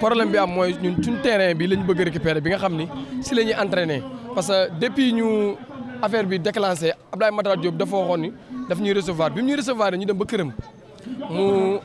problème bi am mooy ñun suñ terrain bi lañ bëgg a récupérer bi nga xam ni si la ñuy entraîner parce que depuis ñu affaire bi déclenché Abdoulaye Matar Diop dafa waxoon ni daf ñuy recevoir bi mu ñuy recevoir ñu dem ba këram mu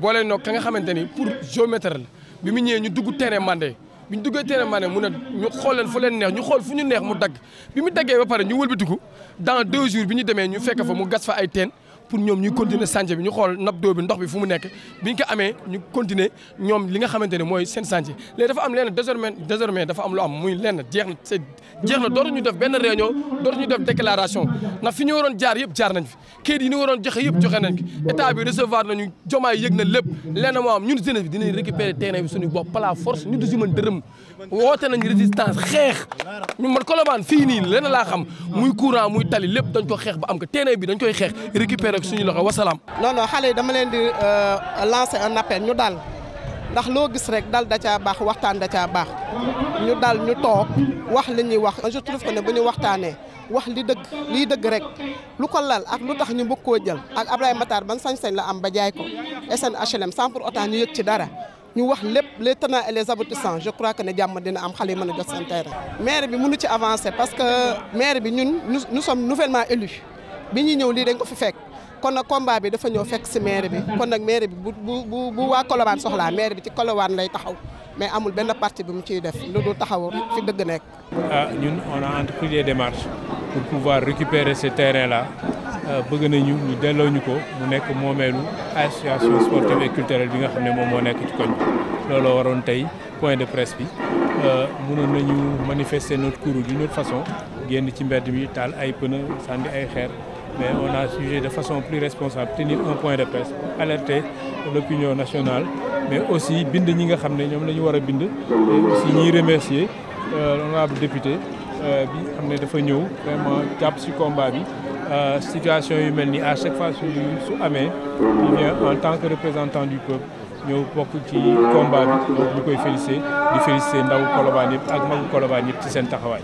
boole noog ka nga xamante ni pour géomètre la bi mu ñëwee ñu dugg terrain Mandé bi ñu duggee terrain Mandé mu ne ñu xool leen fu leen neex ñu xool fu ñu neex mu dagg bi mu daggee ba pare ñu wëlbatiku dans deux jours bi ñu demee ñu fekk fa mu gas fa ay teen. pour ñoom ñuy continuer chantier bi ñu xool nappe d'eau bi ndox bi fu mu nekk biñ ko amee ñu continuer ñoom li nga xamante ne mooy seen chantier léegi dafa am lenn désormais désormais dafa am lu am muy lenn jeex na c'est jeex na dootuñu def benn réunion dootuñu def déclaration ndax fi ñu waroon jaar yëpp jaar nañ fi kayit yi ñu waroon joxe yëpp joxe na ko état bi recevoir nañu jomaay yëg na lépp lenn moo am ñun jeunesse bi dinañ récupérer terrain bi suñu bopp par la force ñu du si xeex ñu man Colobane fii nii lenn laa xam muy courant muy tali lépp dañ xeex ba am ko terrain dañ koy xeex récupérer rek suñu loxo wasalaam. non non xale yi dama leen di euh, lancer un appel ñu dal ndax loo gis rek dal da caa baax waxtaan da baax ñu dal ñu toog wax li ñu wax je trouve que ne bu ñu waxtaanee wax li dëgg lii dëgg rek lu ko lal ak lu tax ñu bëgg koo jël ak Ablaye Matar ba sañ-sañ la am ba jaay ko SNHLM sans pour autant ñu yëg ci dara. ñu wax lépp les tenants et les aboutissants je crois que ne jàmm dina am xale yi mën a jot seen terrain maire bi mu mënu ci avancer parce que maire bi ñun nous sommes nouvellement élus bi ñuy ñëw lii dañ ko fi fekk kon nag combat bi dafa ñëw fekk si maire bi kon nag maire bi bu bu bu waa Colobane soxlaa maire bi ci Colobane lay taxaw mais amul benn parti bi mu ciy def lu dul taxaw fi dëgg nekk. ah ñun on a entrepris des démarches pour pouvoir récupérer ce terrain là euh, bëgg nañu ñu delloo ko mu nekk moomeelu association sportive et culturelle bi nga xam ne moom moo nekk ci koñ bi looloo waroon tey point de presse bi euh, mënoon nañu manifester not courroux d'une autre façon génn ci mbedd mi taal ay pneu sànni ay xeer. mais on a jugé de façon plus responsable tenir un point de presse pour alerter l'opinion nationale mais aussi bind ñi nga xam ne ñoom la ñu war a bind si aussi ñuy remercier euh, l'honorable député euh, bi xam ne dafa ñëw vraiment jàpp ci combat bi euh, situation yu mel ni à chaque fois su amee il vient en tant que représentant du peuple ñëw bokk ci combat bi donc ñu koy féliciter di féliciter ndaw Colobane yëpp ak magu Colobane yëpp ci seen taxawaay